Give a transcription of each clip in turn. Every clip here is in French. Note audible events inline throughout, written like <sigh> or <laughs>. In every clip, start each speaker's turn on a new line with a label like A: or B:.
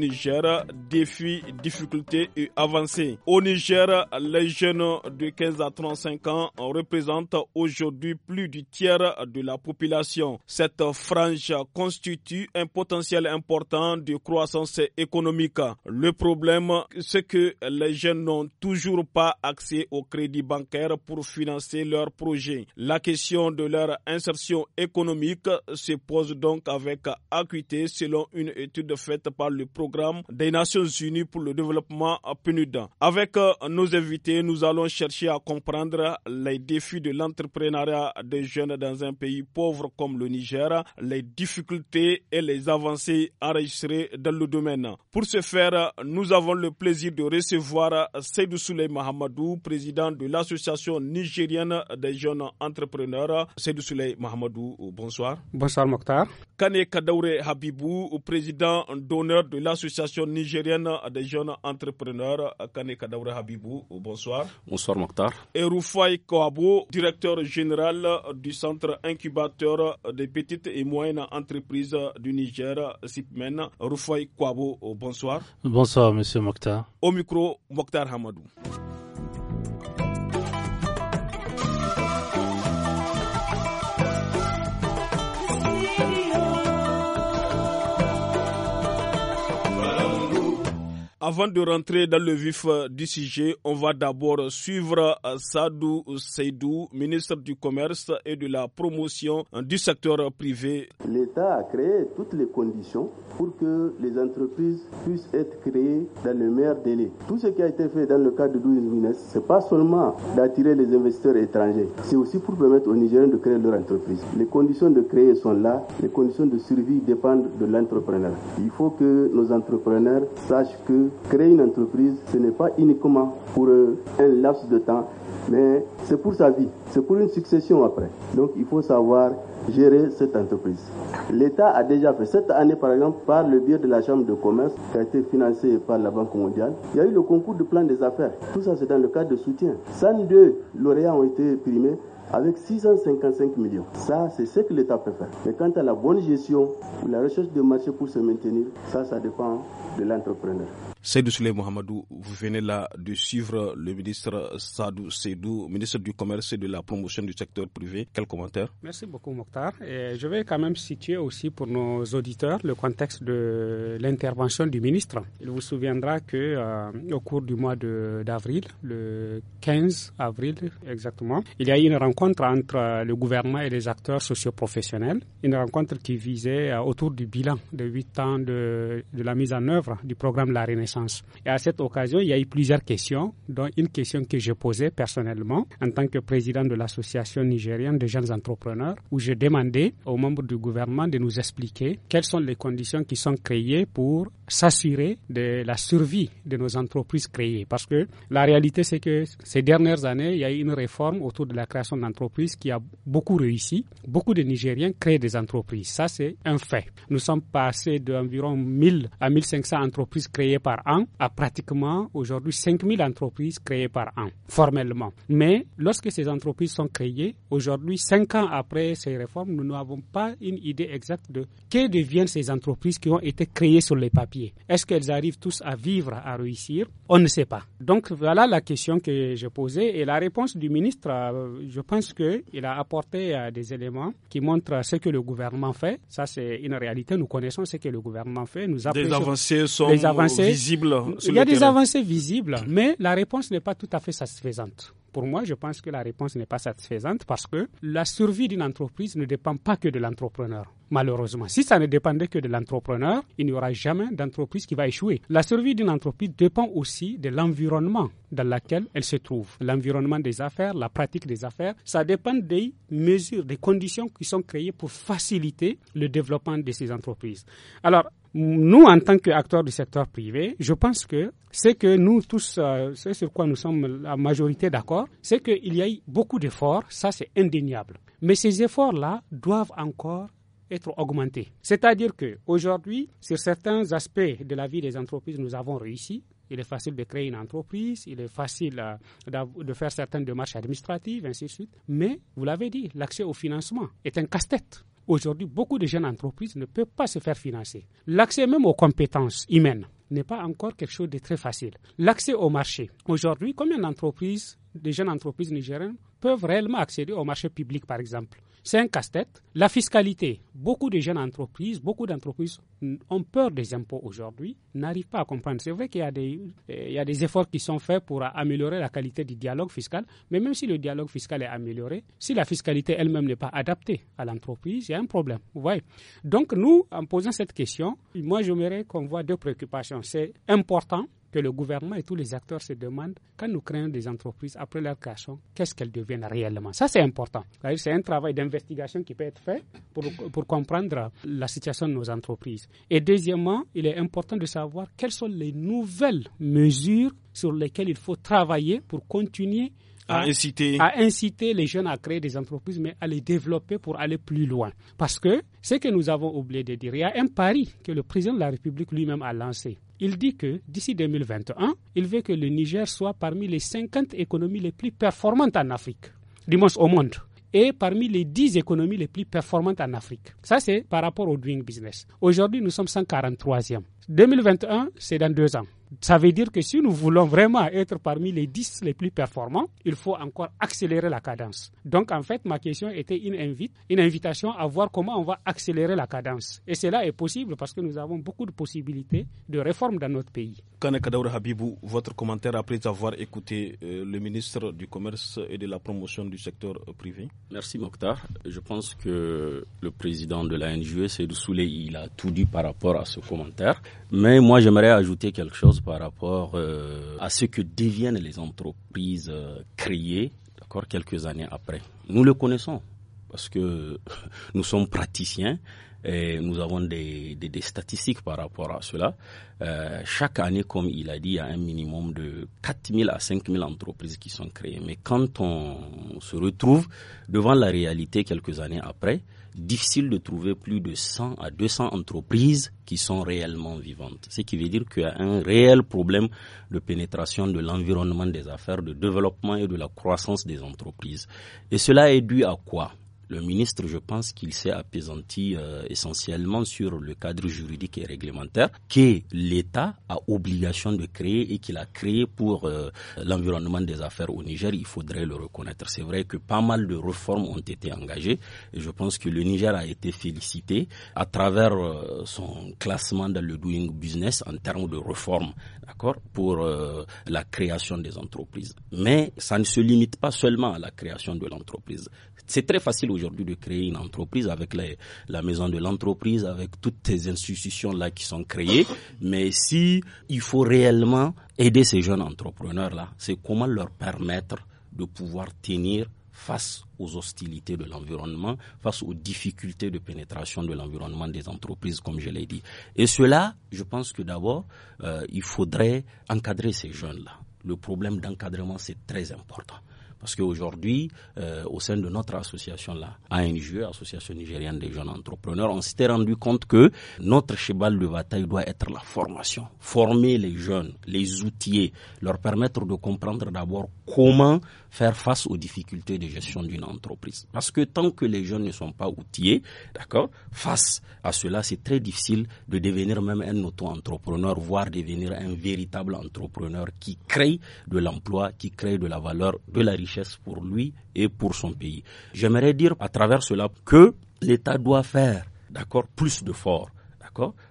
A: Niger, défis, difficultés et avancées. Au Niger, les jeunes de 15 à 35 ans représentent aujourd'hui plus du tiers de la population. Cette frange constitue un potentiel important de croissance économique. Le problème, c'est que les jeunes n'ont toujours pas accès au crédit bancaire pour financer leurs projets. La question de leur insertion économique se pose donc avec acuité selon une étude faite par le programme des Nations Unies pour le développement PNUD. Avec euh, nos invités, nous allons chercher à comprendre les défis de l'entrepreneuriat des jeunes dans un pays pauvre comme le Niger, les difficultés et les avancées enregistrées dans le domaine. Pour ce faire, nous avons le plaisir de recevoir Seydou Souley Mahamadou, président de l'Association nigérienne des jeunes entrepreneurs. Seydou Souley Mahamadou, bonsoir.
B: Bonsoir Mokhtar.
A: Kane Kadaure Habibou, président d'honneur de association nigérienne des jeunes entrepreneurs, Kane Habibou. Bonsoir.
B: Bonsoir, Mokhtar.
A: Et Rufai Kouabou, directeur général du centre incubateur des petites et moyennes entreprises du Niger, SIPMEN. Rufai Kouabou, bonsoir.
C: Bonsoir, monsieur Mokhtar.
A: Au micro, Mokhtar Hamadou. Avant de rentrer dans le vif euh, du sujet, on va d'abord suivre euh, Sadou Seydou, ministre du Commerce et de la Promotion euh, du secteur privé.
D: L'État a créé toutes les conditions pour que les entreprises puissent être créées dans le meilleur délai. Tout ce qui a été fait dans le cadre de Douis ce n'est pas seulement d'attirer les investisseurs étrangers, c'est aussi pour permettre aux Nigériens de créer leur entreprise. Les conditions de créer sont là, les conditions de survie dépendent de l'entrepreneur. Il faut que nos entrepreneurs sachent que créer une entreprise, ce n'est pas uniquement pour euh, un laps de temps, mais c'est pour sa vie, c'est pour une succession après. Donc il faut savoir gérer cette entreprise. L'État a déjà fait, cette année par exemple, par le biais de la Chambre de commerce qui a été financée par la Banque mondiale, il y a eu le concours de plan des affaires. Tout ça, c'est dans le cadre de soutien. 102 lauréats ont été primés avec 655 millions. Ça, c'est ce que l'État peut faire. Mais quant à la bonne gestion ou la recherche de marché pour se maintenir, ça, ça dépend de l'entrepreneur.
A: Seydou Souley Mohamadou, vous venez là de suivre le ministre Sadou Seydou, ministre du Commerce et de la Promotion du secteur privé. Quel commentaire
B: Merci beaucoup, Mokhtar. Et je vais quand même situer aussi pour nos auditeurs le contexte de l'intervention du ministre. Il vous souviendra qu'au euh, cours du mois d'avril, le 15 avril exactement, il y a eu une rencontre entre euh, le gouvernement et les acteurs socioprofessionnels, une rencontre qui visait euh, autour du bilan de 8 ans de, de la mise en œuvre du programme La Renaissance et à cette occasion, il y a eu plusieurs questions, dont une question que j'ai posée personnellement en tant que président de l'Association nigérienne des jeunes entrepreneurs, où j'ai demandé aux membres du gouvernement de nous expliquer quelles sont les conditions qui sont créées pour s'assurer de la survie de nos entreprises créées. Parce que la réalité, c'est que ces dernières années, il y a eu une réforme autour de la création d'entreprises qui a beaucoup réussi. Beaucoup de Nigériens créent des entreprises. Ça, c'est un fait. Nous sommes passés d'environ 1000 à 1500 entreprises créées par un an à pratiquement aujourd'hui 5000 entreprises créées par an, formellement. Mais lorsque ces entreprises sont créées, aujourd'hui, 5 ans après ces réformes, nous n'avons pas une idée exacte de que deviennent ces entreprises qui ont été créées sur les papiers. Est-ce qu'elles arrivent tous à vivre, à réussir On ne sait pas. Donc voilà la question que je posais et la réponse du ministre, euh, je pense qu'il a apporté euh, des éléments qui montrent ce que le gouvernement fait. Ça, c'est une réalité. Nous connaissons ce que le gouvernement fait. Nous avons des avancées sont les avancées il y a des avancées visibles, mais la réponse n'est pas tout à fait satisfaisante. Pour moi, je pense que la réponse n'est pas satisfaisante parce que la survie d'une entreprise ne dépend pas que de l'entrepreneur. Malheureusement, si ça ne dépendait que de l'entrepreneur, il n'y aura jamais d'entreprise qui va échouer. La survie d'une entreprise dépend aussi de l'environnement dans lequel elle se trouve. L'environnement des affaires, la pratique des affaires, ça dépend des mesures, des conditions qui sont créées pour faciliter le développement de ces entreprises. Alors, nous, en tant qu'acteurs du secteur privé, je pense que c'est que nous tous, euh, c'est sur quoi nous sommes la majorité d'accord, c'est qu'il y a eu beaucoup d'efforts, ça c'est indéniable. Mais ces efforts-là doivent encore être augmentés. C'est-à-dire que aujourd'hui, sur certains aspects de la vie des entreprises, nous avons réussi. Il est facile de créer une entreprise, il est facile euh, de faire certaines démarches administratives, ainsi de suite. Mais, vous l'avez dit, l'accès au financement est un casse-tête. Aujourd'hui, beaucoup de jeunes entreprises ne peuvent pas se faire financer. L'accès même aux compétences humaines n'est pas encore quelque chose de très facile. L'accès au marché. Aujourd'hui, combien d'entreprises des jeunes entreprises nigériennes peuvent réellement accéder au marché public, par exemple. C'est un casse-tête. La fiscalité, beaucoup de jeunes entreprises, beaucoup d'entreprises ont peur des impôts aujourd'hui, n'arrivent pas à comprendre. C'est vrai qu'il y, a des efforts qui sont faits pour améliorer la qualité du dialogue fiscal, mais même si le dialogue fiscal est amélioré, si la fiscalité elle-même n'est pas adaptée à l'entreprise, il y a un problème. Vous voyez Donc nous, en posant cette question, moi j'aimerais qu'on voit deux préoccupations. C'est important que le gouvernement et tous les acteurs se demandent quand nous créons des entreprises après leur création, qu'est-ce qu'elles deviennent réellement. Ça, c'est important. C'est un travail d'investigation qui peut être fait pour, comprendre la situation de nos entreprises. Et deuxièmement, il est important de savoir quelles sont les nouvelles mesures sur lesquelles il faut travailler pour continuer à, inciter. à inciter les jeunes à créer des entreprises, mais à les développer pour aller plus loin. Parce que ce que nous avons oublié de dire, il y a un pari que le président de la République lui-même a lancé il dit que d'ici 2021, il veut que le Niger soit parmi les 50 économies les plus performantes en Afrique, du moins au monde et parmi les 10 économies les plus performantes en Afrique. Ça, c'est par rapport au doing business. Aujourd'hui, nous sommes 143e. 2021, c'est dans deux ans. Ça veut dire que si nous voulons vraiment être parmi les 10 les plus performants, il faut encore accélérer la cadence. Donc en fait, ma question était une invite, une invitation à voir comment on va accélérer la cadence. Et cela est possible parce que nous avons beaucoup de possibilités de réforme dans notre pays.
A: Kanekadaoura Habibou, votre commentaire après avoir écouté euh, le ministre du Commerce et de la Promotion du secteur euh, privé.
D: Merci Mokhtar. Je pense que le président de la NGE, Seydou Souley, il a tout dit par rapport à ce commentaire. Mais moi, j'aimerais ajouter quelque chose par rapport euh, à ce que deviennent les entreprises euh, créées d'accord, quelques années après. Nous le connaissons parce que <laughs> nous sommes praticiens et nous avons des, des, statistiques par rapport à cela. Euh, chaque année, comme il a dit, il y a un minimum de 4000 à 5000 entreprises qui sont créées. Mais quand on se retrouve devant la réalité quelques années après, difficile de trouver plus de 100 à 200 entreprises qui sont réellement vivantes. Ce qui veut dire qu'il y a un réel problème de pénétration de l'environnement des affaires, de développement et de la croissance des entreprises. Et cela est dû à quoi le ministre, je pense qu'il s'est apaisanti euh, essentiellement sur le cadre juridique et réglementaire que l'État a obligation de créer et qu'il a créé pour euh, l'environnement des affaires au Niger. Il faudrait le reconnaître. C'est vrai que pas mal de réformes ont été engagées et je pense que le Niger a été félicité à travers euh, son classement dans le doing business en termes de réformes, d'accord, pour la création des entreprises. Mais ça ne se limite pas seulement à la création de l'entreprise. C'est très facile aujourd'hui de créer une entreprise avec la maison de l'entreprise, avec toutes ces institutions-là qui sont créées. Mais si il faut réellement aider ces jeunes entrepreneurs-là, c'est comment leur permettre de pouvoir tenir face aux hostilités de l'environnement, face aux difficultés de pénétration de l'environnement des entreprises, comme je l'ai dit. Et cela, je pense que d'abord, euh, il faudrait encadrer ces jeunes-là. Le problème d'encadrement, c'est très important. Parce qu'aujourd'hui, euh, au sein de notre association-là, ANGE, Association e, nigérienne des jeunes entrepreneurs, on s'était rendu compte que notre cheval de bataille doit être la formation. Former les jeunes, les outiller, leur permettre de comprendre d'abord comment faire face aux difficultés de gestion d'une entreprise. Parce que tant que les jeunes ne sont pas outillés, d'accord, face à cela, c'est très difficile de devenir même un auto-entrepreneur, voire devenir un véritable entrepreneur qui crée de l'emploi, qui crée de la valeur, de la richesse pour lui et pour son pays. J'aimerais dire à travers cela que l'État doit faire, d'accord, plus de fort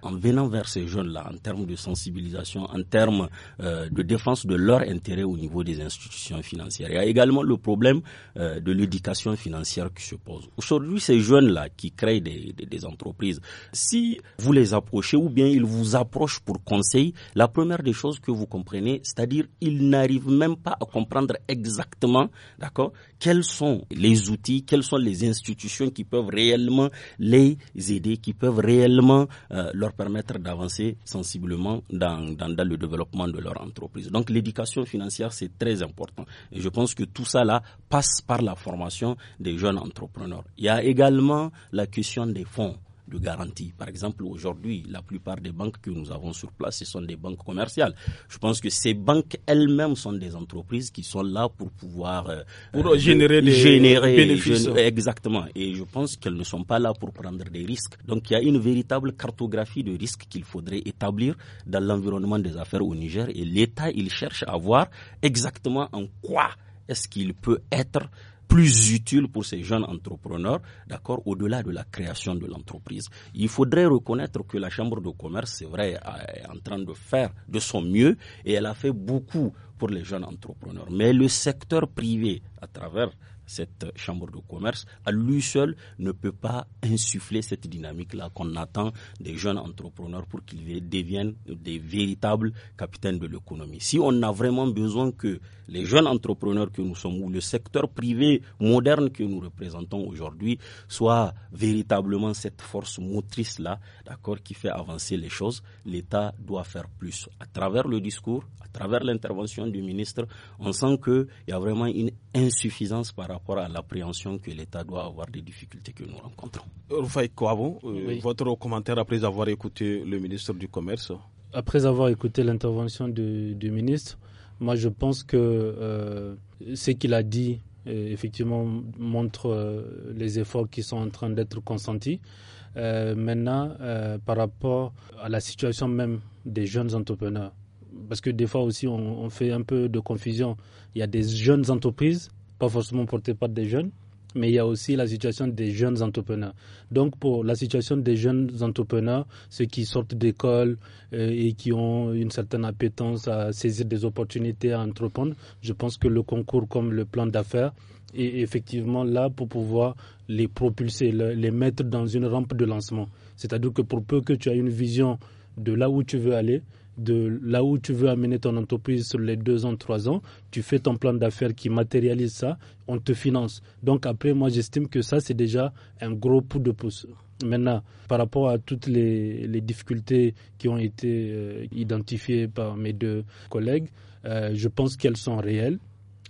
D: en venant vers ces jeunes-là, en termes de sensibilisation, en termes euh, de défense de leurs intérêts au niveau des institutions financières. Il y a également le problème euh, de l'éducation financière qui se pose. Aujourd'hui, ces jeunes-là qui créent des, entreprises, si vous les approchez ou bien ils vous approchent pour conseil, la première des choses que vous comprenez, c'est-à-dire ils n'arrivent même pas à comprendre exactement, d'accord, quels sont les outils, quelles sont les institutions qui peuvent réellement les aider, qui peuvent réellement euh, euh, leur permettre d'avancer sensiblement dans, le développement de leur entreprise. Donc l'éducation financière, c'est très important. Et je pense que tout ça passe par la formation des jeunes entrepreneurs. Il y a également la question des fonds de garantie. Par exemple, aujourd'hui, la plupart des banques que nous avons sur place, ce sont des banques commerciales. Je pense que ces banques elles-mêmes sont des entreprises qui sont là pour pouvoir euh, générer des bénéfices. exactement. Et je pense qu'elles ne sont pas là pour prendre des risques. Donc, il y a une véritable cartographie de risques qu'il faudrait établir dans l'environnement des affaires au Niger. Et l'État, il cherche à voir exactement en quoi est-ce qu'il peut être plus utile pour ces jeunes entrepreneurs, d'accord, au-delà de la création de l'entreprise. Il faudrait reconnaître que la Chambre de commerce, c'est vrai, est en train de faire de son mieux et elle a fait beaucoup pour les jeunes entrepreneurs. Mais le secteur privé, à travers cette chambre de commerce, à lui seul, ne peut pas insuffler cette dynamique-là qu'on attend des jeunes entrepreneurs pour qu'ils deviennent des véritables capitaines de l'économie. Si on a vraiment besoin que les jeunes entrepreneurs que nous sommes ou le secteur privé moderne que nous représentons aujourd'hui soit véritablement cette force motrice-là, d'accord, qui fait avancer les choses, l'État doit faire plus. À travers le discours, à travers l'intervention du ministre, on sent qu'il y a vraiment une insuffisance par rapport rapport à l'appréhension que l'État doit avoir des difficultés que nous rencontrons.
A: Rufai Kouabou, quoi, euh, votre commentaire après avoir écouté le ministre du Commerce
C: Après avoir écouté l'intervention du, ministre, moi je pense que euh, ce qu'il a dit euh, effectivement montre les efforts qui sont en train d'être consentis. maintenant, par rapport à la situation même des jeunes entrepreneurs, parce que des fois aussi on, on, fait un peu de confusion, il y a des jeunes entreprises pas forcément porté par des jeunes, mais il y a aussi la situation des jeunes entrepreneurs. Donc pour la situation des jeunes entrepreneurs, ceux qui sortent d'école euh, et qui ont une certaine appétence à saisir des opportunités à entreprendre, je pense que le concours comme le plan d'affaires est effectivement là pour pouvoir les propulser, les mettre dans une rampe de lancement. C'est-à-dire que pour peu que tu aies une vision de là où tu veux aller, de là où tu veux amener ton entreprise sur les deux ans, trois ans, tu fais ton plan d'affaires qui matérialise ça, on te finance. Donc après, moi, j'estime que ça, c'est déjà un gros coup de pouce. Maintenant, par rapport à toutes les, difficultés qui ont été euh, identifiées par mes deux collègues, euh, je pense qu'elles sont réelles.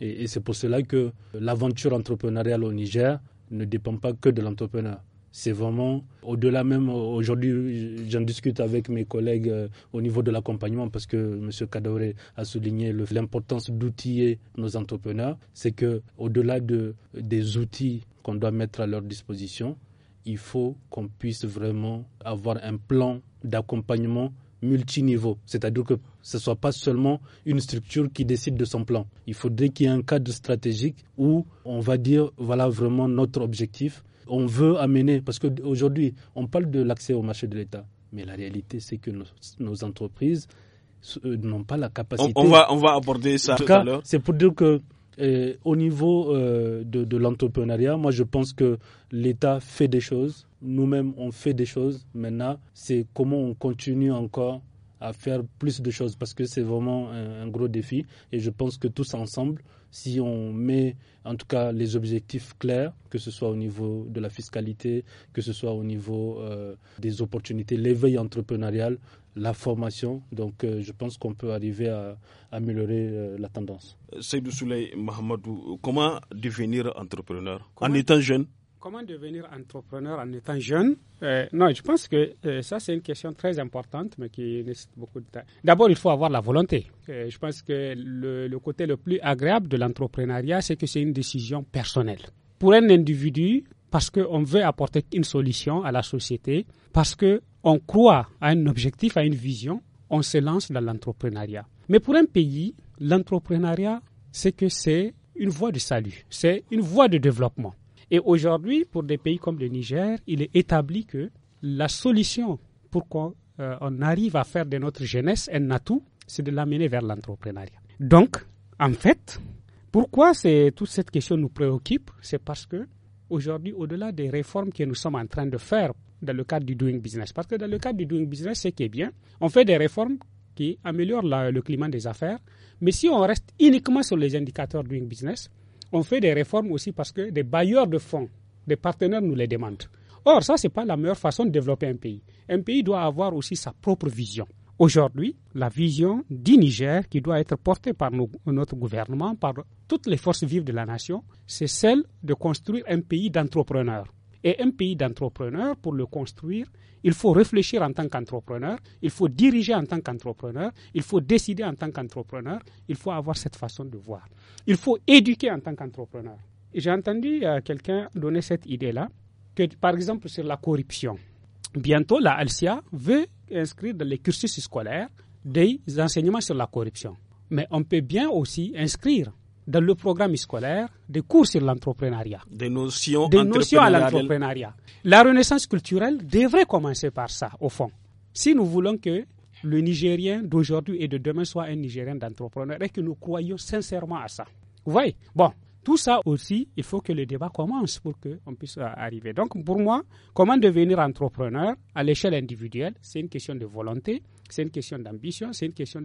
C: et c'est pour cela que l'aventure entrepreneuriale au Niger ne dépend pas que de l'entrepreneur. C'est vraiment au-delà même. Aujourd'hui, j'en discute avec mes collègues euh, au niveau de l'accompagnement parce que M. Kadore a souligné l'importance d'outiller nos entrepreneurs. C'est que au-delà des outils qu'on doit mettre à leur disposition, il faut qu'on puisse vraiment avoir un plan d'accompagnement multiniveau, c'est-à-dire que ce ne soit pas seulement une structure qui décide de son plan. Il faudrait qu'il y ait un cadre stratégique où on va dire, voilà vraiment notre objectif, on veut amener, parce qu'aujourd'hui, on parle de l'accès au marché de l'État, mais la réalité, c'est que nos, entreprises euh, n'ont pas la capacité. On, va, on va aborder ça tout à l'heure. C'est pour dire que euh, au niveau euh, de, de l'entrepreneuriat, moi, je pense que l'État fait des choses. Nous-mêmes, on fait des choses. Maintenant, c'est comment on continue encore à faire plus de choses parce que c'est vraiment un, gros défi. Et je pense que tous ensemble, si on met en tout cas les objectifs clairs, que ce soit au niveau de la fiscalité, que ce soit au niveau euh, des opportunités, l'éveil entrepreneurial, la formation. Donc euh, je pense qu'on peut arriver à, améliorer euh, la tendance.
A: Seydou Souley comment devenir entrepreneur en étant jeune
B: Comment devenir entrepreneur en étant jeune euh, Non, je pense que euh, ça, c'est une question très importante, mais qui nécessite beaucoup de temps. D'abord, il faut avoir la volonté. Euh, je pense que le, le, côté le plus agréable de l'entrepreneuriat, c'est que c'est une décision personnelle. Pour un individu, parce qu'on veut apporter une solution à la société, parce qu'on croit à un objectif, à une vision, on se lance dans l'entrepreneuriat. Mais pour un pays, l'entrepreneuriat, c'est que c'est une voie de salut, c'est une voie de développement. Et aujourd'hui, pour des pays comme le Niger, il est établi que la solution pour qu'on euh, on arrive à faire de notre jeunesse un atout, c'est de l'amener vers l'entrepreneuriat. Donc, en fait, pourquoi toute cette question nous préoccupe C'est parce que aujourd'hui, au-delà des réformes que nous sommes en train de faire dans le cadre du doing business, parce que dans le cadre du doing business, c'est qui est bien, on fait des réformes qui améliorent le climat des affaires, mais si on reste uniquement sur les indicateurs doing business, on fait des réformes aussi parce que des bailleurs de fonds, des partenaires nous les demandent. Or, ça, ce n'est pas la meilleure façon de développer un pays. Un pays doit avoir aussi sa propre vision. Aujourd'hui, la vision du Niger qui doit être portée par notre gouvernement, par toutes les forces vives de la nation, c'est celle de construire un pays d'entrepreneurs et un pays d'entrepreneurs, pour le construire, il faut réfléchir en tant qu'entrepreneur, il faut diriger en tant qu'entrepreneur, il faut décider en tant qu'entrepreneur, il faut avoir cette façon de voir. Il faut éduquer en tant qu'entrepreneur. J'ai entendu euh, quelqu'un donner cette idée-là, que par exemple sur la corruption. Bientôt, la Alcia veut inscrire dans les cursus scolaires des enseignements sur la corruption. Mais on peut bien aussi inscrire dans le programme scolaire des cours sur l'entrepreneuriat. Des notions, à l'entrepreneuriat. La renaissance culturelle devrait commencer par ça, au fond. Si nous voulons que le Nigérien d'aujourd'hui et de demain soit un Nigérien d'entrepreneur et que nous croyons sincèrement à ça. Vous voyez Bon, tout ça aussi, il faut que le débat commence pour qu'on puisse euh, arriver. Donc, pour moi, comment devenir entrepreneur à l'échelle individuelle, c'est une question de volonté, c'est une question d'ambition, c'est une question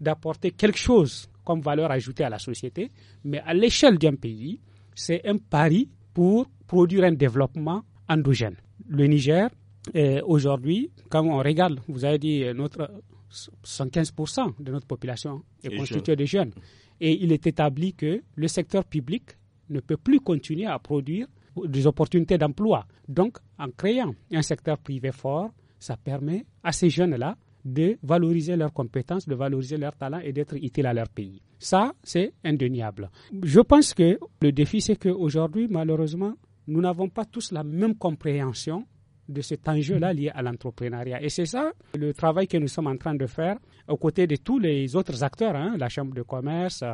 B: d'apporter quelque chose comme valeur ajoutée à la société. Mais à l'échelle d'un pays, c'est un pari pour produire un développement endogène. Le Niger, eh, aujourd'hui, quand on regarde, vous avez dit euh, notre 115% de notre population est constituée de jeunes. Et il est établi que le secteur public ne peut plus continuer à produire des opportunités d'emploi. Donc, en créant un secteur privé fort, ça permet à ces jeunes-là de valoriser leurs compétences, de valoriser leurs talents et d'être utiles à leur pays. Ça, c'est indéniable. Je pense que le défi, c'est qu'aujourd'hui, malheureusement, nous n'avons pas tous la même compréhension de cet enjeu-là lié à l'entrepreneuriat. Et c'est ça le travail que nous sommes en train de faire aux côtés de tous les autres acteurs, hein, la Chambre de commerce,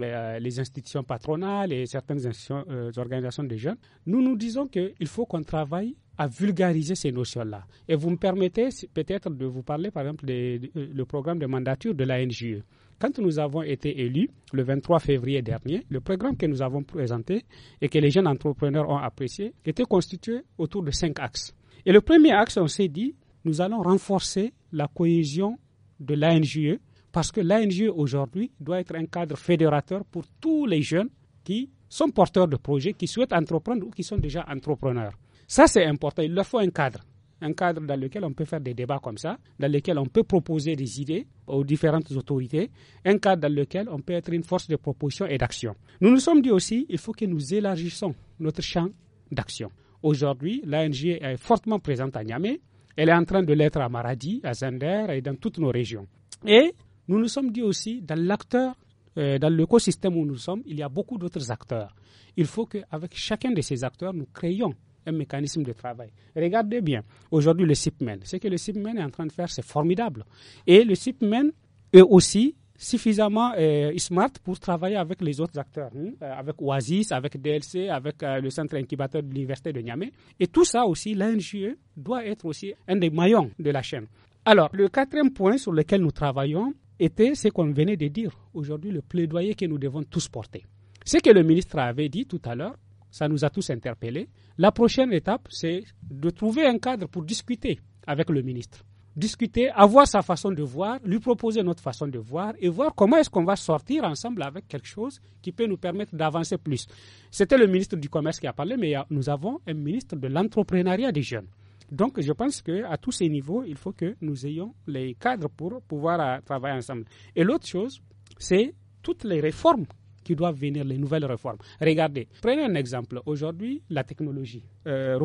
B: euh, les institutions patronales et certaines euh, organisations de jeunes. Nous nous disons qu'il faut qu'on travaille à vulgariser ces notions-là. Et vous me permettez peut-être de vous parler, par exemple, du euh, programme de mandature de l'ANGE. Quand nous avons été élus le 23 février dernier, le programme que nous avons présenté et que les jeunes entrepreneurs ont apprécié était constitué autour de cinq axes. Et le premier axe, on s'est dit, nous allons renforcer la cohésion de l'ANGE parce que l'ANGE aujourd'hui doit être un cadre fédérateur pour tous les jeunes qui sont porteurs de projets, qui souhaitent entreprendre ou qui sont déjà entrepreneurs. Ça, c'est important. Il leur faut un cadre. Un cadre dans lequel on peut faire des débats comme ça, dans lequel on peut proposer des idées aux différentes autorités, un cadre dans lequel on peut être une force de proposition et d'action. Nous nous sommes dit aussi, il faut que nous élargissons notre champ d'action. Aujourd'hui, l'ANG est fortement présente à Niamey, elle est en train de l'être à Maradi, à Zender et dans toutes nos régions. Et nous nous sommes dit aussi, dans l'acteur, euh, dans l'écosystème où nous sommes, il y a beaucoup d'autres acteurs. Il faut qu'avec chacun de ces acteurs, nous créions un mécanisme de travail. Regardez bien, aujourd'hui le CIPMEN, ce que le CIPMEN est en train de faire, c'est formidable. Et le CIPMEN est aussi suffisamment euh, smart pour travailler avec les autres acteurs, hein, euh, avec Oasis, avec DLC, avec euh, le centre incubateur de l'université de Niamey. Et tout ça aussi, l'NGE doit être aussi un des maillons de la chaîne. Alors, le quatrième point sur lequel nous travaillons était ce qu'on venait de dire aujourd'hui, le plaidoyer que nous devons tous porter. Ce que le ministre avait dit tout à l'heure, ça nous a tous interpellés. La prochaine étape, c'est de trouver un cadre pour discuter avec le ministre. Discuter, avoir sa façon de voir, lui proposer notre façon de voir et voir comment est-ce qu'on va sortir ensemble avec quelque chose qui peut nous permettre d'avancer plus. C'était le ministre du Commerce qui a parlé, mais nous avons un ministre de l'entrepreneuriat des jeunes. Donc, je pense qu'à tous ces niveaux, il faut que nous ayons les cadres pour pouvoir euh, travailler ensemble. Et l'autre chose, c'est toutes les réformes doivent venir, les nouvelles réformes. Regardez, prenez un exemple. Aujourd'hui, la technologie. Euh,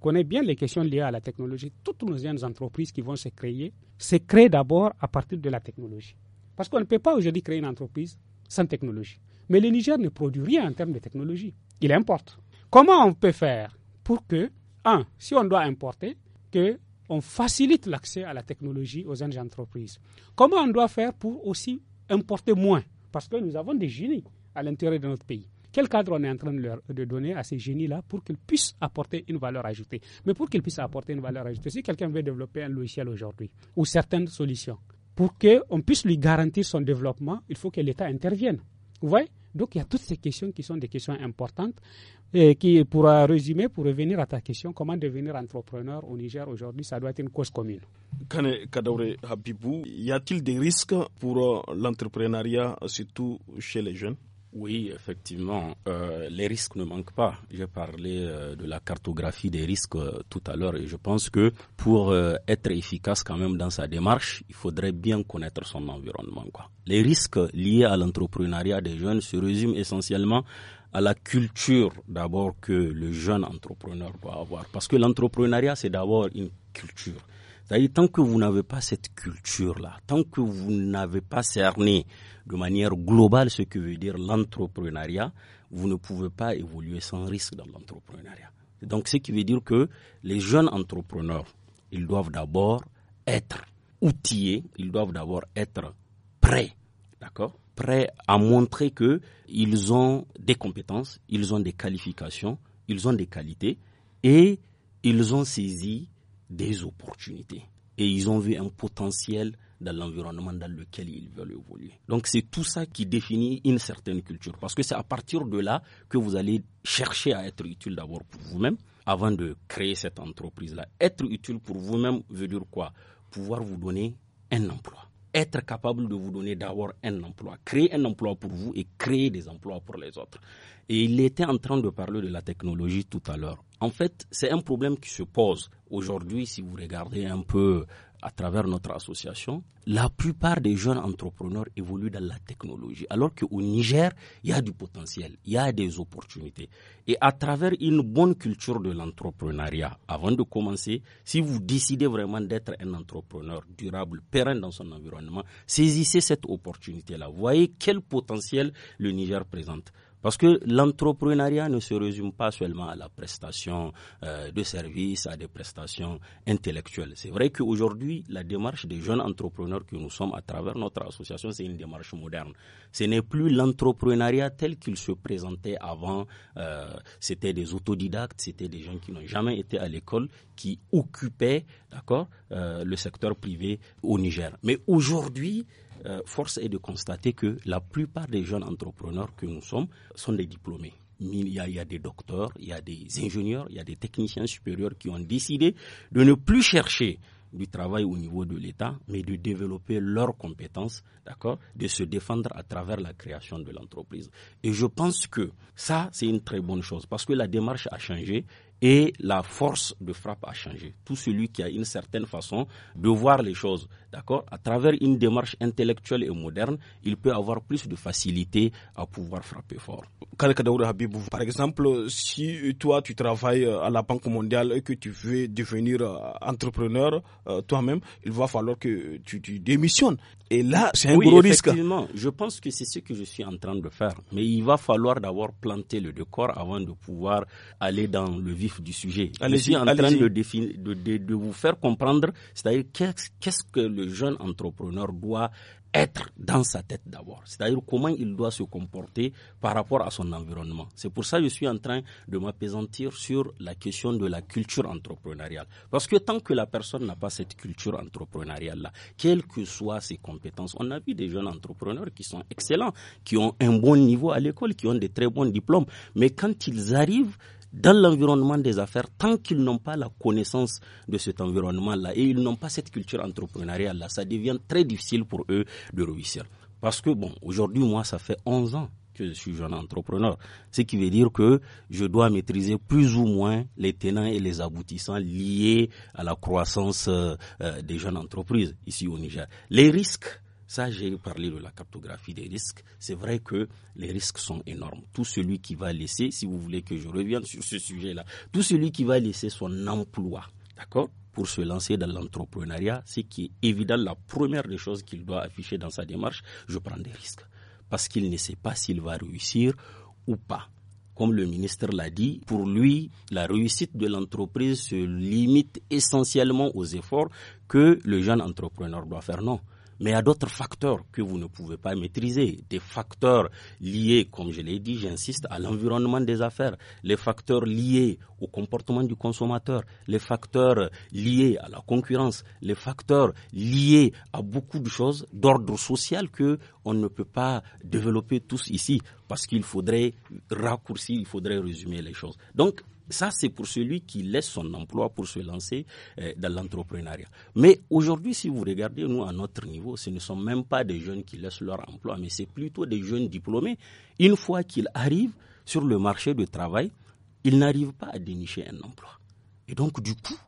B: connaît bien les questions liées à la technologie. Toutes nos jeunes entreprises qui vont se créer se créent d'abord à partir de la technologie. Parce qu'on ne peut pas aujourd'hui créer une entreprise sans technologie. Mais le Niger ne produit rien en termes de technologie. Il importe. Comment on peut faire pour que, un, si on doit importer, que on facilite l'accès à la technologie aux jeunes entreprises. Comment on doit faire pour aussi importer moins Parce que nous avons des génies à l'intérieur de notre pays. Quel cadre on est en train de, donner à ces génies-là pour qu'ils puissent apporter une valeur ajoutée Mais pour qu'ils puissent apporter une valeur ajoutée, si quelqu'un veut développer un logiciel aujourd'hui ou certaines solutions, pour qu'on puisse lui garantir son développement, il faut que l'État intervienne. Vous voyez Donc il y a toutes ces questions qui sont des questions importantes. Et qui, pour résumer, pour revenir à ta question, comment devenir entrepreneur au Niger aujourd'hui, ça doit être une cause commune.
A: Kane Habibou, y a-t-il des risques pour l'entrepreneuriat, surtout chez les jeunes
D: oui, effectivement, euh, les risques ne manquent pas. J'ai parlé euh, de la cartographie des risques euh, tout à l'heure et je pense que pour euh, être efficace quand même dans sa démarche, il faudrait bien connaître son environnement. Quoi. Les risques liés à l'entrepreneuriat des jeunes se résument essentiellement à la culture d'abord que le jeune entrepreneur doit avoir. Parce que l'entrepreneuriat, c'est d'abord une culture. C'est-à-dire, tant que vous n'avez pas cette culture-là, tant que vous n'avez pas cerné de manière globale ce que veut dire l'entrepreneuriat, vous ne pouvez pas évoluer sans risque dans l'entrepreneuriat. Donc, ce qui veut dire que les jeunes entrepreneurs, ils doivent d'abord être outillés, ils doivent d'abord être prêts, d'accord Prêts à montrer qu'ils ont des compétences, ils ont des qualifications, ils ont des qualités et ils ont saisi des opportunités. Et ils ont vu un potentiel dans l'environnement dans lequel ils veulent évoluer. Donc c'est tout ça qui définit une certaine culture, parce que c'est à partir de là que vous allez chercher à être utile d'abord pour vous-même, avant de créer cette entreprise-là. Être utile pour vous-même veut dire quoi Pouvoir vous donner un emploi. Être capable de vous donner d'abord un emploi. Créer un emploi pour vous et créer des emplois pour les autres. Et il était en train de parler de la technologie tout à l'heure. En fait, c'est un problème qui se pose aujourd'hui si vous regardez un peu à travers notre association, la plupart des jeunes entrepreneurs évoluent dans la technologie, alors qu'au Niger, il y a du potentiel, il y a des opportunités. Et à travers une bonne culture de l'entrepreneuriat, avant de commencer, si vous décidez vraiment d'être un entrepreneur durable, pérenne dans son environnement, saisissez cette opportunité-là. Voyez quel potentiel le Niger présente. Parce que l'entrepreneuriat ne se résume pas seulement à la prestation euh, de services, à des prestations intellectuelles. C'est vrai qu'aujourd'hui, la démarche des jeunes entrepreneurs que nous sommes à travers notre association, c'est une démarche moderne. Ce n'est plus l'entrepreneuriat tel qu'il se présentait avant. Euh, c'était des autodidactes, c'était des gens qui n'ont jamais été à l'école, qui occupaient euh, le secteur privé au Niger. Mais aujourd'hui, euh, force est de constater que la plupart des jeunes entrepreneurs que nous sommes sont des diplômés. Il y, a, il y, a, des docteurs, il y a des ingénieurs, il y a des techniciens supérieurs qui ont décidé de ne plus chercher du travail au niveau de l'État, mais de développer leurs compétences, d'accord, de se défendre à travers la création de l'entreprise. Et je pense que ça, c'est une très bonne chose parce que la démarche a changé et la force de frappe a changé. Tout celui qui a une certaine façon de voir les choses, d'accord, à travers une démarche intellectuelle et moderne, il peut avoir plus de facilité à pouvoir frapper fort. par exemple,
A: si toi tu travailles euh, à la Banque mondiale et que tu veux devenir euh, entrepreneur euh, toi-même, il va falloir que tu, démissionnes. Et là, c'est un gros risque. Effectivement,
D: je pense que c'est ce que je suis en train de faire. Mais il va falloir d'abord planter le décor avant de pouvoir aller dans le vif du sujet. Je suis en train de, vous faire comprendre, c'est-à-dire qu'est-ce que le jeune entrepreneur doit être dans sa tête d'abord, c'est-à-dire comment il doit se comporter par rapport à son environnement. C'est pour ça que je suis en train de m'apaisantir sur la question de la culture entrepreneuriale. Parce que tant que la personne n'a pas cette culture entrepreneuriale-là, quelles que soient ses compétences, on a vu des jeunes entrepreneurs qui sont excellents, qui ont un bon niveau à l'école, qui ont des très bons diplômes, mais quand ils arrivent dans l'environnement des affaires tant qu'ils n'ont pas la connaissance de cet environnement-là et ils n'ont pas cette culture entrepreneuriale-là. Ça devient très difficile pour eux de réussir. Parce que, bon, aujourd'hui, moi, ça fait 11 ans que je suis jeune entrepreneur. Ce qui veut dire que je dois maîtriser plus ou moins les tenants et les aboutissants liés à la croissance euh, euh, des jeunes entreprises ici au Niger. Les risques ça, j'ai parlé de la cartographie des risques. C'est vrai que les risques sont énormes. Tout celui qui va laisser, si vous voulez que je revienne sur ce sujet-là, tout celui qui va laisser son emploi, d'accord, pour se lancer dans l'entrepreneuriat, c'est qui est évident la première des choses qu'il doit afficher dans sa démarche, je prends des risques. Parce qu'il ne sait pas s'il va réussir ou pas. Comme le ministre l'a dit, pour lui, la réussite de l'entreprise se limite essentiellement aux efforts que le jeune entrepreneur doit faire. Non, mais il y d'autres facteurs que vous ne pouvez pas maîtriser, des facteurs liés, comme je l'ai dit, j'insiste, à l'environnement des affaires, les facteurs liés au comportement du consommateur, les facteurs liés à la concurrence, les facteurs liés à beaucoup de choses d'ordre social que on ne peut pas développer tous ici parce qu'il faudrait raccourcir, il faudrait résumer les choses. Donc ça, c'est pour celui qui laisse son emploi pour se lancer euh, dans l'entrepreneuriat. Mais aujourd'hui, si vous regardez, nous, à notre niveau, ce ne sont même pas des jeunes qui laissent leur emploi, mais c'est plutôt des jeunes diplômés. Une fois qu'ils arrivent sur le marché du travail, ils n'arrivent pas à dénicher un emploi. Et donc, du coup,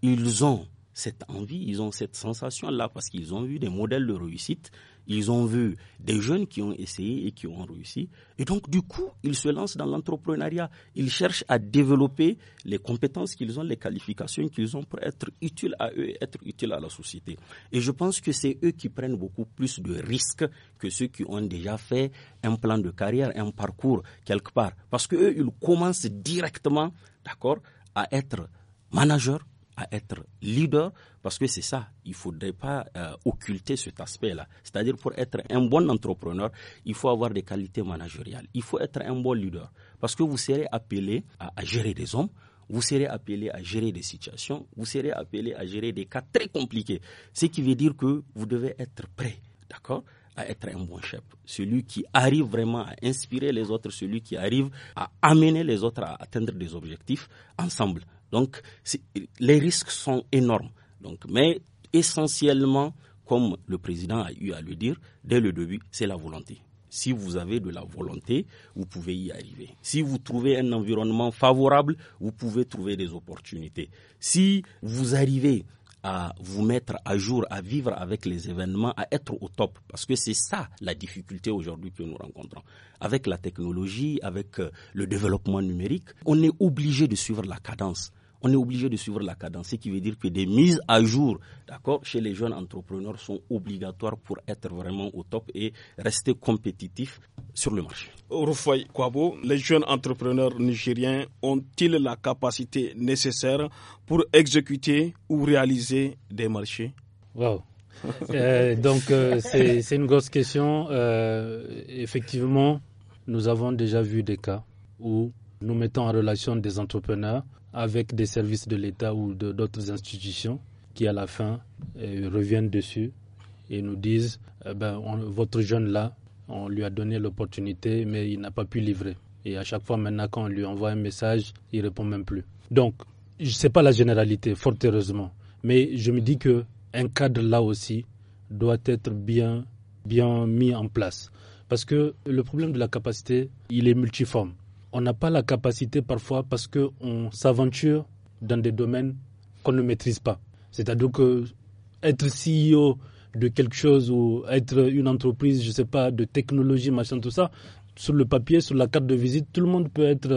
D: ils ont cette envie, ils ont cette sensation-là parce qu'ils ont vu des modèles de réussite ils ont vu des jeunes qui ont essayé et qui ont réussi. Et donc, du coup, ils se lancent dans l'entrepreneuriat. Ils cherchent à développer les compétences qu'ils ont, les qualifications qu'ils ont pour être utiles à eux et être utiles à la société. Et je pense que c'est eux qui prennent beaucoup plus de risques que ceux qui ont déjà fait un plan de carrière, un parcours quelque part. Parce qu'eux, ils commencent directement, d'accord, à être managers, à être leader parce que c'est ça. Il ne faudrait pas euh, occulter cet aspect-là. C'est-à-dire pour être un bon entrepreneur, il faut avoir des qualités managériales. Il faut être un bon leader parce que vous serez appelé à, à gérer des hommes. Vous serez appelé à gérer des situations, vous serez appelé à gérer des cas très compliqués. Ce qui veut dire que vous devez être prêt, d'accord à être un bon chef, celui qui arrive vraiment à inspirer les autres, celui qui arrive à amener les autres à atteindre des objectifs ensemble. Donc, les risques sont énormes. mais essentiellement, comme le président a eu à le dire dès le début, c'est la volonté. Si vous avez de la volonté, vous pouvez y arriver. Si vous trouvez un environnement favorable, vous pouvez trouver des opportunités. Si vous arrivez à vous mettre à jour, à vivre avec les événements, à être au top. Parce que c'est ça la difficulté aujourd'hui que nous rencontrons. Avec la technologie, avec euh, le développement numérique, on est obligé de suivre la cadence on est obligé de suivre la cadence, ce qui veut dire que des mises à jour, d'accord, chez les jeunes entrepreneurs sont obligatoires pour être vraiment au top et rester compétitifs sur le marché.
A: Rufoy Kwabo, les jeunes entrepreneurs nigériens ont-ils la capacité nécessaire pour exécuter ou réaliser des marchés Waouh! Euh, donc, euh, c'est
C: une grosse question. Euh, effectivement, nous avons déjà vu des cas où nous mettons en relation des entrepreneurs avec des services de l'État ou d'autres institutions qui, à la fin, euh, reviennent dessus et nous disent eh ben, votre jeune là, on lui a donné l'opportunité, mais il n'a pas pu livrer. Et à chaque fois maintenant, quand on lui envoie un message, il répond même plus. Donc, ce n'est pas la généralité, fort heureusement. Mais je me dis qu'un cadre là aussi doit être bien, bien mis en place. Parce que le problème de la capacité, il est multiforme on n'a pas la capacité parfois parce qu'on s'aventure dans des domaines qu'on ne maîtrise pas. C'est-à-dire que être CEO de quelque chose ou être une entreprise, je ne sais pas, de technologie, machin, tout ça, sur le papier, sur la carte de visite, tout le monde peut être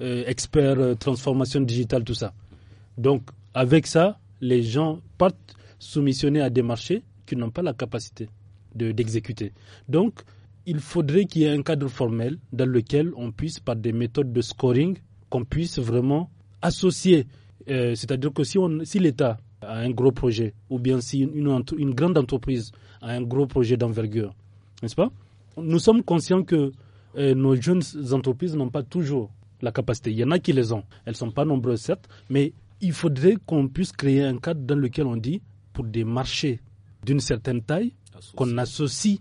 C: euh, expert, euh, transformation digitale, tout ça. Donc, avec ça, les gens partent soumissionnés à des marchés qui n'ont pas la capacité d'exécuter. Donc, il faudrait qu'il y ait un cadre formel dans lequel on puisse, par des méthodes de scoring, qu'on puisse vraiment associer. Euh, c'est-à-dire que si, l'État a un gros projet, ou bien si une, grande entreprise a un gros projet d'envergure, n'est-ce pas Nous sommes conscients que euh, nos jeunes entreprises n'ont pas toujours la capacité. Il y en a qui les ont. Elles ne sont pas nombreuses, certes, mais il faudrait qu'on puisse créer un cadre dans lequel on dit, pour des marchés d'une certaine taille, qu'on associe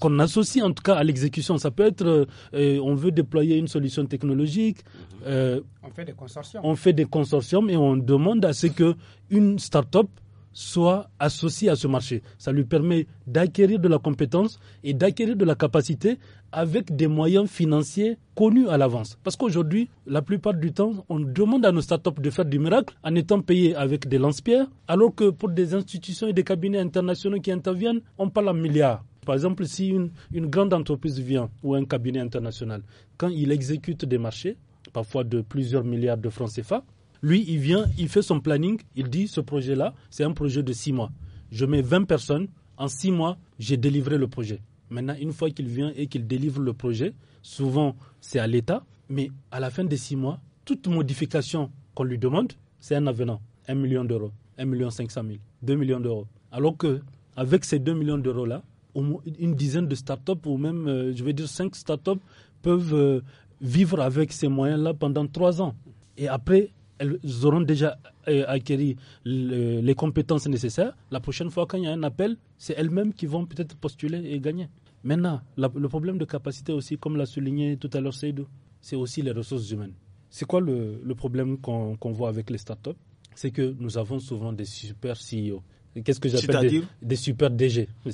C: qu'on associe en tout cas à l'exécution. Ça peut être, euh, on veut déployer une solution technologique. Mhm. Euh, on fait des consortiums. On fait des consortiums et on demande à ce qu'une start-up soit associée à ce marché. Ça lui permet d'acquérir de la compétence et d'acquérir de la capacité avec des moyens financiers connus à l'avance. Parce qu'aujourd'hui, la plupart du temps, on demande à nos startups de faire du miracle en étant payés avec des lance-pierres, alors que pour des institutions et des cabinets internationaux qui interviennent, on parle en milliards. Par exemple, si une, une grande entreprise vient ou un cabinet international, quand il exécute des marchés, parfois de plusieurs milliards de francs CFA, lui, il vient, il fait son planning, il dit ce projet-là, c'est un projet de six mois. Je mets 20 personnes, en six mois, j'ai délivré le projet. Maintenant, une fois qu'il vient et qu'il délivre le projet, souvent c'est à l'État, mais à la fin des six mois, toute modification qu'on lui demande, c'est un avenant. un million d'euros, un million 500 mille, deux millions d'euros. Alors que avec ces deux millions d'euros-là, une dizaine de start-up ou même, euh, je veux dire, 5 up peuvent euh, vivre avec ces moyens-là pendant trois ans. Et après, elles auront déjà euh, acquéri les compétences nécessaires. La prochaine fois, quand il y a un appel, c'est elles-mêmes qui vont peut-être postuler et gagner. Maintenant, le problème de capacité aussi, comme l'a souligné tout à l'heure Seydou, c'est aussi les ressources humaines. C'est quoi le, problème qu'on voit avec les startups C'est que nous avons souvent des super CEO. Qu'est-ce que j'appelle des, super DG euh,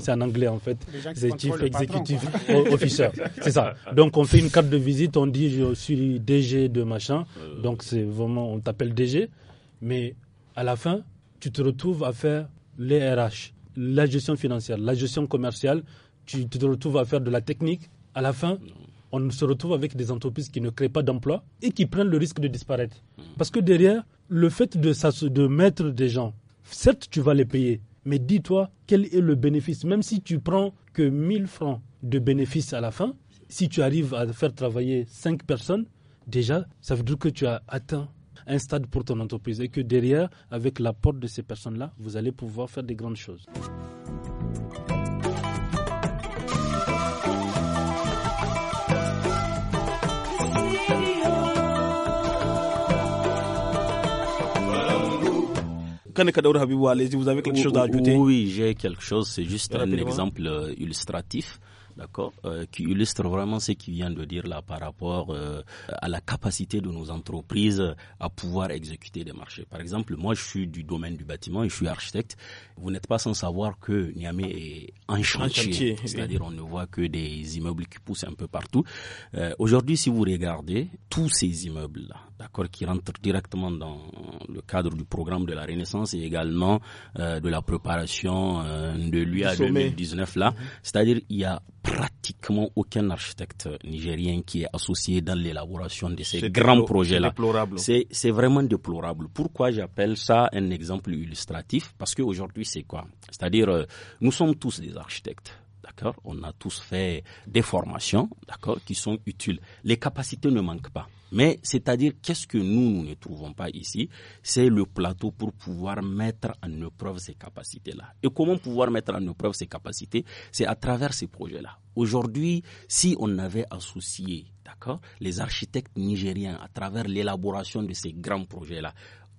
C: C'est en anglais en fait. C'est Chief Executive patron, Officer. c'est ça. Donc on fait une carte de visite, on dit je suis DG de machin. Euh. Donc c'est vraiment, on t'appelle DG. Mais à la fin, tu te retrouves à faire les RH, la gestion financière, la gestion commerciale, tu te retrouves à faire de la technique. À la fin, on se retrouve avec des entreprises qui ne créent pas d'emplois et qui prennent le risque de disparaître. Parce que derrière, le fait de, de mettre des gens, certes, tu vas les payer, mais dis-toi quel est le bénéfice. Même si tu prends que 1000 francs de bénéfice à la fin, si tu arrives à faire travailler 5 personnes, déjà, ça veut dire que tu as atteint un stade pour ton entreprise et que derrière, avec l'apport de ces personnes-là, vous allez pouvoir faire des grandes choses.
D: Oui, j'ai quelque chose, c'est juste un exemple euh, illustratif d'accord, euh, qui illustre vraiment ce qu'il vient de dire là par rapport euh, à la capacité de nos entreprises à pouvoir exécuter des marchés. Par exemple, moi je suis du domaine du bâtiment et je suis architecte. Vous n'êtes pas sans savoir que Niamey est en chantier, c'est-à-dire on ne voit que des immeubles qui poussent un peu partout. Euh, Aujourd'hui, si vous regardez tous ces immeubles-là, d'accord, qui rentrent directement dans le cadre du programme de la Renaissance et également euh, de la préparation de lui à 2019 là, mm-hmm. c'est-à-dire il y a pratiquement aucun architecte nigérien qui est associé dans l'élaboration de ces grands projets-là. C'est vraiment déplorable. Pourquoi j'appelle ça un exemple illustratif Parce qu'aujourd'hui, c'est quoi C'est-à-dire, euh, nous sommes tous des architectes. D'accord On a tous fait des formations, d'accord, qui sont utiles. Les capacités ne manquent pas. Mais c'est-à-dire qu'est-ce que nous, nous ne trouvons pas ici C'est le plateau pour pouvoir mettre en épreuve ces capacités-là. Et comment pouvoir mettre en épreuve ces capacités C'est à travers ces projets-là. Aujourd'hui, si on avait associé d'accord, les architectes nigériens à travers l'élaboration de ces grands projets-là,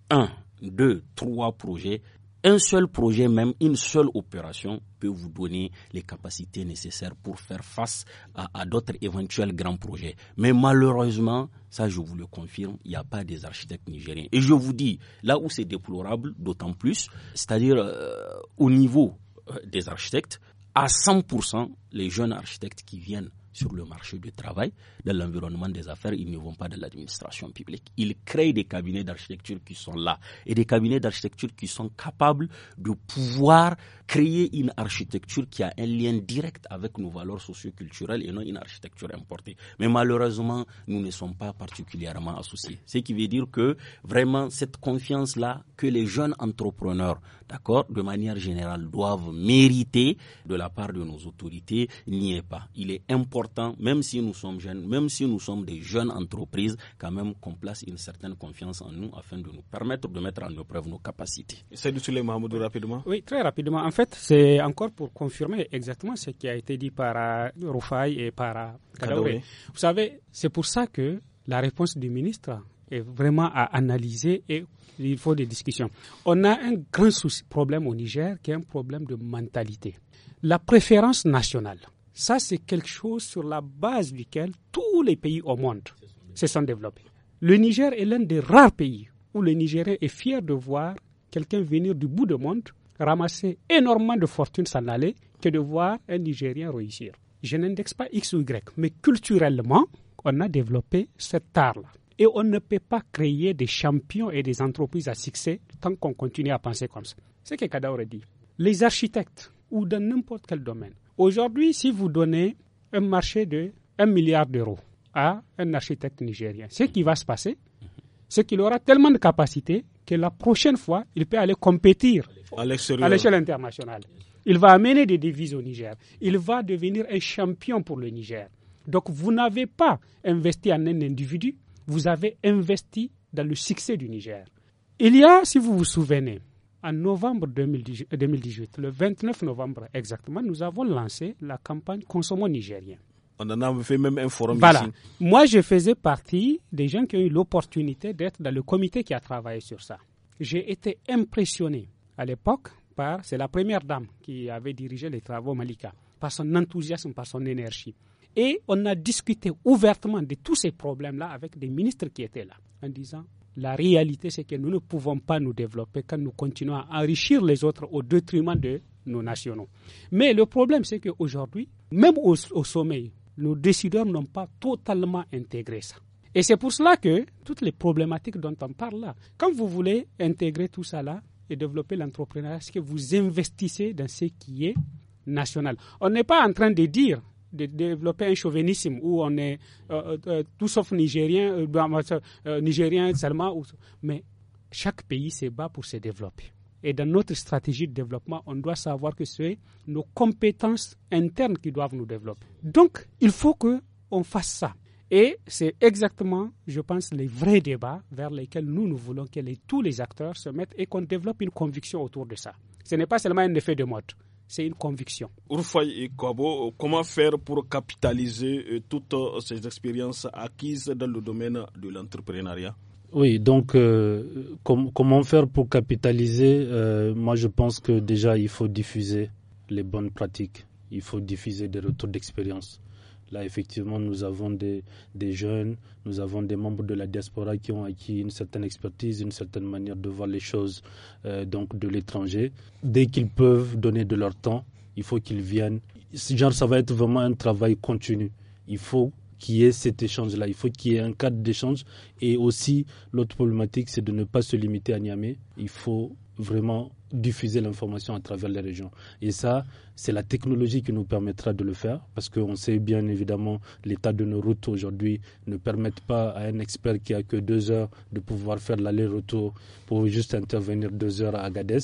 D: un, deux, trois projets, un seul projet, même une seule opération, peut vous donner les capacités nécessaires pour faire face à, d'autres éventuels grands projets. Mais malheureusement, ça je vous le confirme, il n'y a pas des architectes nigériens. Et je vous dis, là où c'est déplorable, d'autant plus, c'est-à-dire euh, au niveau euh, des architectes, à 100%, les jeunes architectes qui viennent sur le marché du travail, dans l'environnement des affaires, ils ne vont pas de l'administration publique. Ils créent des cabinets d'architecture qui sont là et des cabinets d'architecture qui sont capables de pouvoir créer une architecture qui a un lien direct avec nos valeurs socioculturelles et non une architecture importée. Mais malheureusement, nous ne sommes pas particulièrement associés. Ce qui veut dire que vraiment cette confiance-là que les jeunes entrepreneurs, d'accord, de manière générale, doivent mériter de la part de nos autorités n'y est pas. Il est important, même si nous sommes jeunes, même si nous sommes des jeunes entreprises, quand même qu'on place une certaine confiance en nous afin de nous permettre de mettre en épreuve nos capacités. C'est du Mahmoud, rapidement.
B: Oui, très rapidement. En fait, c'est encore pour confirmer exactement ce qui a été dit par euh, Roufaï et par euh, Kadoé. Vous savez, c'est pour ça que la réponse du ministre est vraiment à analyser et il faut des discussions. On a un grand souci, problème au Niger qui est un problème de mentalité. La préférence nationale, ça c'est quelque chose sur la base duquel tous les pays au monde se sont développés. Le Niger est l'un des rares pays où le Nigérien est fier de voir quelqu'un venir du bout du monde ramasser énormément de fortune s'en aller que de voir un Nigérien réussir. Je n'indexe pas X ou Y, mais culturellement, on a développé cet art-là. Et on ne peut pas créer des champions et des entreprises à succès tant qu'on continue à penser comme ça. C'est ce que Kada aurait dit. Les architectes, ou dans n'importe quel domaine. Aujourd'hui, si vous donnez un marché de 1 milliard d'euros à un architecte nigérien, ce qui va se passer, c'est qu'il aura tellement de capacités que la prochaine fois, il peut aller compétir à l'échelle internationale. Il va amener des devises au Niger. Il va devenir un champion pour le Niger. Donc vous n'avez pas investi en un individu, vous avez investi dans le succès du Niger. Il y a, si vous vous souvenez, en novembre 2018, le 29 novembre exactement, nous avons lancé la campagne Consommons nigérien. On en a fait même un forum. Voilà. Moi, je faisais partie des gens qui ont eu l'opportunité d'être dans le comité qui a travaillé sur ça. J'ai été impressionné à l'époque par, c'est la première dame qui avait dirigé les travaux Malika, par son enthousiasme, par son énergie. Et on a discuté ouvertement de tous ces problèmes-là avec des ministres qui étaient là, en disant la réalité, c'est que nous ne pouvons pas nous développer quand nous continuons à enrichir les autres au détriment de nos nationaux. Mais le problème, c'est qu'aujourd'hui, même au, au sommet, nos décideurs n'ont pas totalement intégré ça. Et c'est pour cela que toutes les problématiques dont on parle là, quand vous voulez intégrer tout ça là et développer l'entrepreneuriat, c'est que vous investissez dans ce qui est national. On n'est pas en train de dire de développer un chauvinisme où on est euh, euh, euh, tout sauf nigérien, bah, bah, nigérien seulement, mais chaque pays se bat pour se développer. Et dans notre stratégie de développement, on doit savoir que c'est nos compétences internes qui doivent nous développer. Donc, il faut que on fasse ça. Et c'est exactement, je pense, les vrais débats vers lesquels nous, nous voulons que tous les acteurs se mettent et qu'on développe une conviction autour de ça. Ce n'est pas seulement un effet de mode, c'est une conviction.
A: Urfay et comment faire pour capitaliser euh, toutes euh, ces expériences acquises dans le domaine de l'entrepreneuriat
C: oui, donc euh, comment faire pour capitaliser euh, Moi, je pense que déjà, il faut diffuser les bonnes pratiques, il faut diffuser des retours d'expérience. Là, effectivement, nous avons des, jeunes, nous avons des membres de la diaspora qui ont acquis une certaine expertise, une certaine manière de voir les choses euh, donc de l'étranger. Dès qu'ils peuvent donner de leur temps, il faut qu'ils viennent. Genre, ça va être vraiment un travail continu. Il faut qui est cet échange-là. Il faut qu'il y ait un cadre d'échange. Et aussi, l'autre problématique, c'est de ne pas se limiter à Niamey. Il faut vraiment diffuser l'information à travers les régions. Et ça, c'est la technologie qui nous permettra de le faire, parce qu'on sait bien évidemment l'état de nos routes aujourd'hui ne permet pas à un expert qui a que deux heures de pouvoir faire l'aller-retour pour juste intervenir deux heures à Agadez.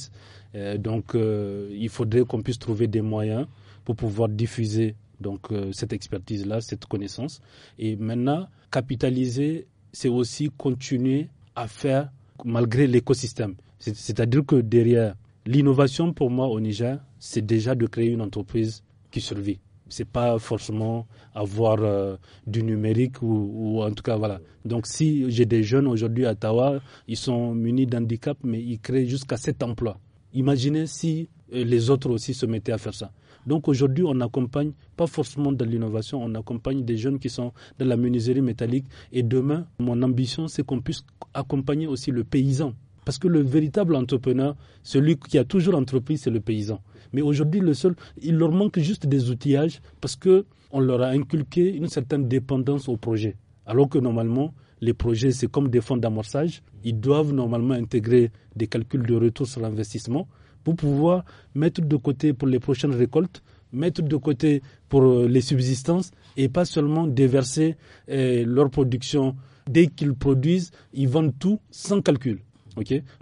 C: Euh, donc, euh, il faudrait qu'on puisse trouver des moyens pour pouvoir diffuser donc euh, cette expertise-là, cette connaissance. Et maintenant, capitaliser, c'est aussi continuer à faire malgré l'écosystème. C'est-à-dire que derrière l'innovation, pour moi, au Niger, c'est déjà de créer une entreprise qui survit. C'est pas forcément avoir euh, du numérique ou, en tout cas voilà. Donc si j'ai des jeunes aujourd'hui à Ottawa, ils sont munis d'handicap, mais ils créent jusqu'à 7 emplois. Imaginez si euh, les autres aussi se mettaient à faire ça. Donc aujourd'hui, on accompagne, pas forcément de l'innovation, on accompagne des jeunes qui sont dans la menuiserie métallique. Et demain, mon ambition, c'est qu'on puisse accompagner aussi le paysan. Parce que le véritable entrepreneur, celui qui a toujours entrepris, c'est le paysan. Mais aujourd'hui, le seul, il leur manque juste des outillages parce que on leur a inculqué une certaine dépendance au projet. Alors que normalement, les projets, c'est comme des fonds d'amorçage. Ils doivent normalement intégrer des calculs de retour sur l'investissement pour pouvoir mettre de côté pour les prochaines récoltes, mettre de côté pour euh, les subsistances et pas seulement déverser euh, leur production. Dès qu'ils produisent, ils vendent tout sans calcul.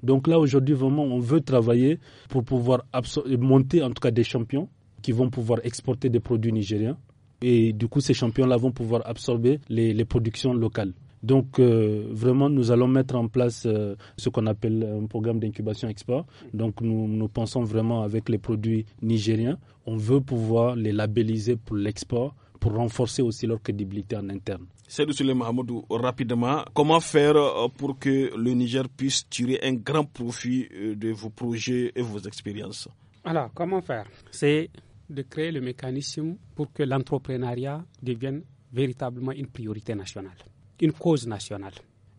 C: Donc là, aujourd'hui, vraiment, on veut travailler pour pouvoir euh, monter en tout cas des champions qui vont pouvoir exporter des produits nigériens. Et du coup, ces champions-là vont pouvoir absorber les productions locales. Donc, euh, vraiment, nous allons mettre en place euh, ce qu'on appelle un programme d'incubation export. Donc, nous, pensons vraiment avec les produits nigériens, on veut pouvoir les labelliser pour l'export pour renforcer aussi leur crédibilité en interne.
A: Seydou Souley rapidement, comment faire euh, pour que le Niger puisse tirer un grand profit de vos projets et vos expériences
B: Alors, comment faire C'est de créer le mécanisme pour que l'entrepreneuriat devienne véritablement une priorité nationale une cause nationale,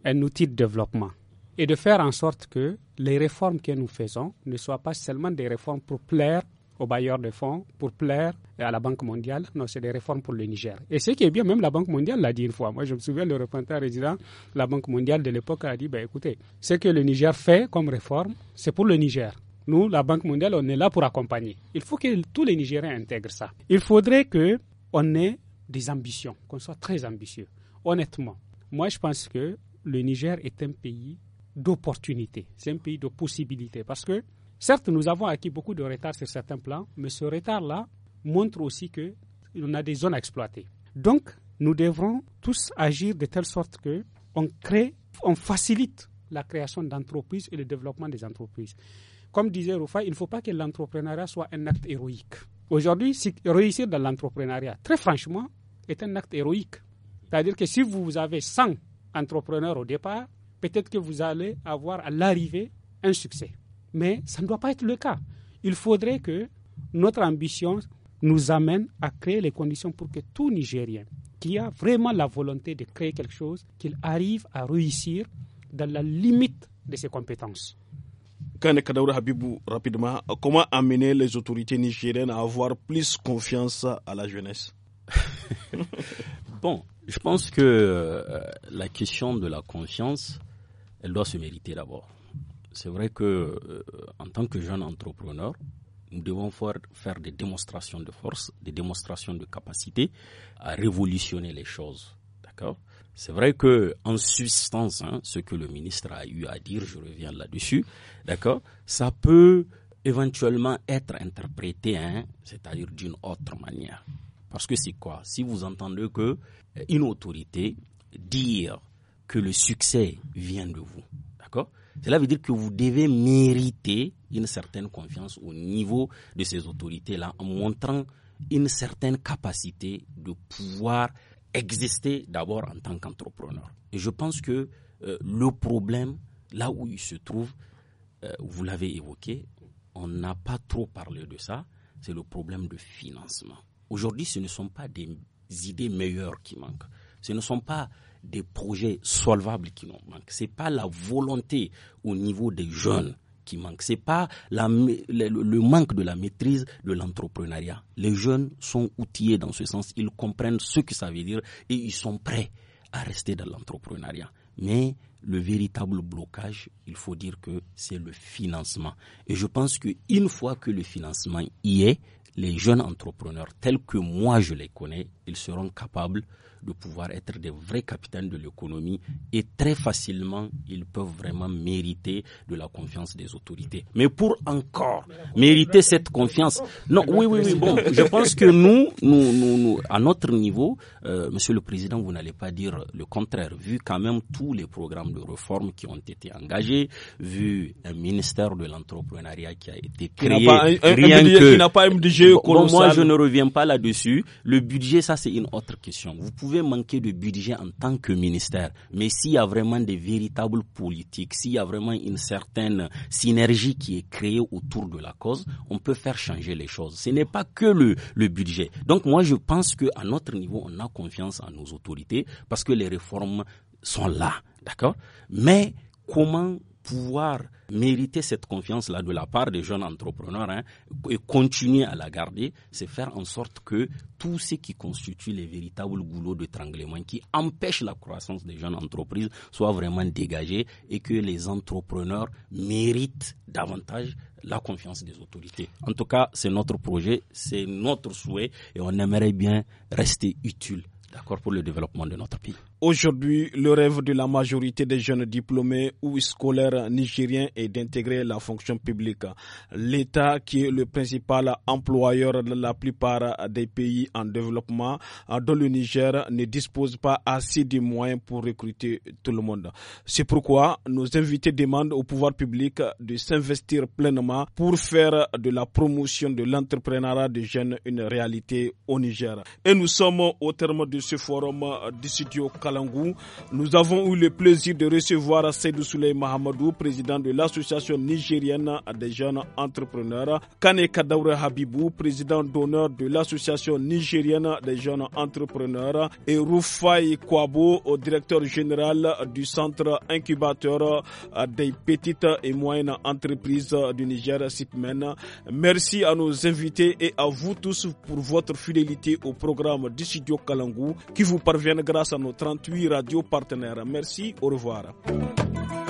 B: un outil de développement, et de faire en sorte que les réformes que nous faisons ne soient pas seulement des réformes pour plaire aux bailleurs de fonds, pour plaire à la Banque mondiale. Non, c'est des réformes pour le Niger. Et ce qui est bien, même la Banque mondiale l'a dit une fois. Moi, je me souviens, le représentant résident de la Banque mondiale de l'époque a dit, ben, écoutez, ce que le Niger fait comme réforme, c'est pour le Niger. Nous, la Banque mondiale, on est là pour accompagner. Il faut que tous les Nigériens intègrent ça. Il faudrait que on ait des ambitions, qu'on soit très ambitieux. Honnêtement, moi, je pense que le Niger est un pays d'opportunités, c'est un pays de possibilités. Parce que, certes, nous avons acquis beaucoup de retard sur certains plans, mais ce retard-là montre aussi que on a des zones à exploiter. Donc, nous devrons tous agir de telle sorte que crée, on facilite la création d'entreprises et le développement des entreprises. Comme disait Rufa, il ne faut pas que l'entrepreneuriat soit un acte héroïque. Aujourd'hui, réussir dans l'entrepreneuriat, très franchement, est un acte héroïque. C'est-à-dire que si vous avez 100 entrepreneurs au départ, peut-être que vous allez avoir à l'arrivée un succès. Mais ça ne doit pas être le cas. Il faudrait que notre ambition nous amène à créer les conditions pour que tout Nigérien qui a vraiment la volonté de créer quelque chose, qu'il arrive à réussir dans la limite de ses compétences. Kane
A: Kadaoura Habibou, rapidement, comment amener les autorités nigériennes à avoir plus confiance à la jeunesse <laughs>
D: Bon, je pense que euh, la question de la confiance, elle doit se mériter d'abord. C'est vrai que euh, en tant que jeune entrepreneur, nous devons faire, des démonstrations de force, des démonstrations de capacité à révolutionner les choses. D'accord C'est vrai que, en substance, hein, ce que le ministre a eu à dire, je reviens là-dessus, d'accord Ça peut éventuellement être interprété, hein, c'est-à-dire d'une autre manière. Parce que c'est quoi Si vous entendez que euh, une autorité dire que le succès vient de vous, d'accord Cela veut dire que vous devez mériter une certaine confiance au niveau de ces autorités-là en montrant une certaine capacité de pouvoir exister d'abord en tant qu'entrepreneur. Et je pense que euh, le problème, là où il se trouve, euh, vous l'avez évoqué, on n'a pas trop parlé de ça, c'est le problème de financement. Aujourd'hui, ce ne sont pas des idées meilleures qui manquent. Ce ne sont pas des projets solvables qui manquent. Ce n'est pas la volonté au niveau des jeunes qui manque. n'est pas le, le, manque de la maîtrise de l'entrepreneuriat. Les jeunes sont outillés dans ce sens. Ils comprennent ce que ça veut dire et ils sont prêts à rester dans l'entrepreneuriat. Mais le véritable blocage, il faut dire que c'est le financement. Et je pense qu'une fois que le financement y est, les jeunes entrepreneurs tels que moi je les connais ils seront capables de pouvoir être des vrais capitaines de l'économie et très facilement, ils peuvent vraiment mériter de la confiance des autorités. Mais pour encore mériter cette confiance, non, oui, oui, oui, bon, je pense que nous, nous, nous, à notre niveau, euh, Monsieur le Président, vous n'allez pas dire le contraire, vu quand même tous les programmes de réforme qui ont été engagés, vu un ministère de l'entrepreneuriat qui a été créé, un, qui n'a pas moi, je ne reviens pas là-dessus. Le budget, c'est une autre question. Vous pouvez manquer de budget en tant que ministère, mais s'il y a vraiment des véritables politiques, s'il y a vraiment une certaine synergie qui est créée autour de la cause, on peut faire changer les choses. Ce n'est pas que le, le budget. Donc moi je pense qu'à notre niveau, on a confiance en nos autorités parce que les réformes sont là, d'accord Mais comment pouvoir mériter cette confiance-là de la part des jeunes entrepreneurs hein, et continuer à la garder, c'est faire en sorte que tout ce qui constitue les véritables goulots de tranglement qui empêchent la croissance des jeunes entreprises soit vraiment dégagé et que les entrepreneurs méritent davantage la confiance des autorités. En tout cas, c'est notre projet, c'est notre souhait et on aimerait bien rester utile, d'accord, pour le développement de notre pays.
A: Aujourd'hui, le rêve de la majorité des jeunes diplômés ou scolaires nigériens est d'intégrer la fonction publique. L'État, qui est le principal employeur de la plupart des pays en développement, euh, dont le Niger ne dispose pas assez de moyens pour recruter tout le monde. C'est pourquoi nos invités demandent au pouvoir public de s'investir pleinement pour faire de la promotion de l'entrepreneuriat des jeunes une réalité au Niger. Et nous sommes au terme de ce forum du studio Kalangou. Nous avons eu le plaisir de recevoir Seydou Souley Mahamadou, président de l'Association nigérienne des jeunes entrepreneurs, Kane Kadawra Habibou, président d'honneur de l'Association nigérienne des jeunes entrepreneurs, et Rufai Kwabo, directeur général du centre incubateur des petites et moyennes entreprises du Niger, SIPMEN. Merci à nos invités et à vous tous pour votre fidélité au programme du studio Kalangou qui vous parvient grâce à nos 30 radio Radio partenaires. Merci, au revoir.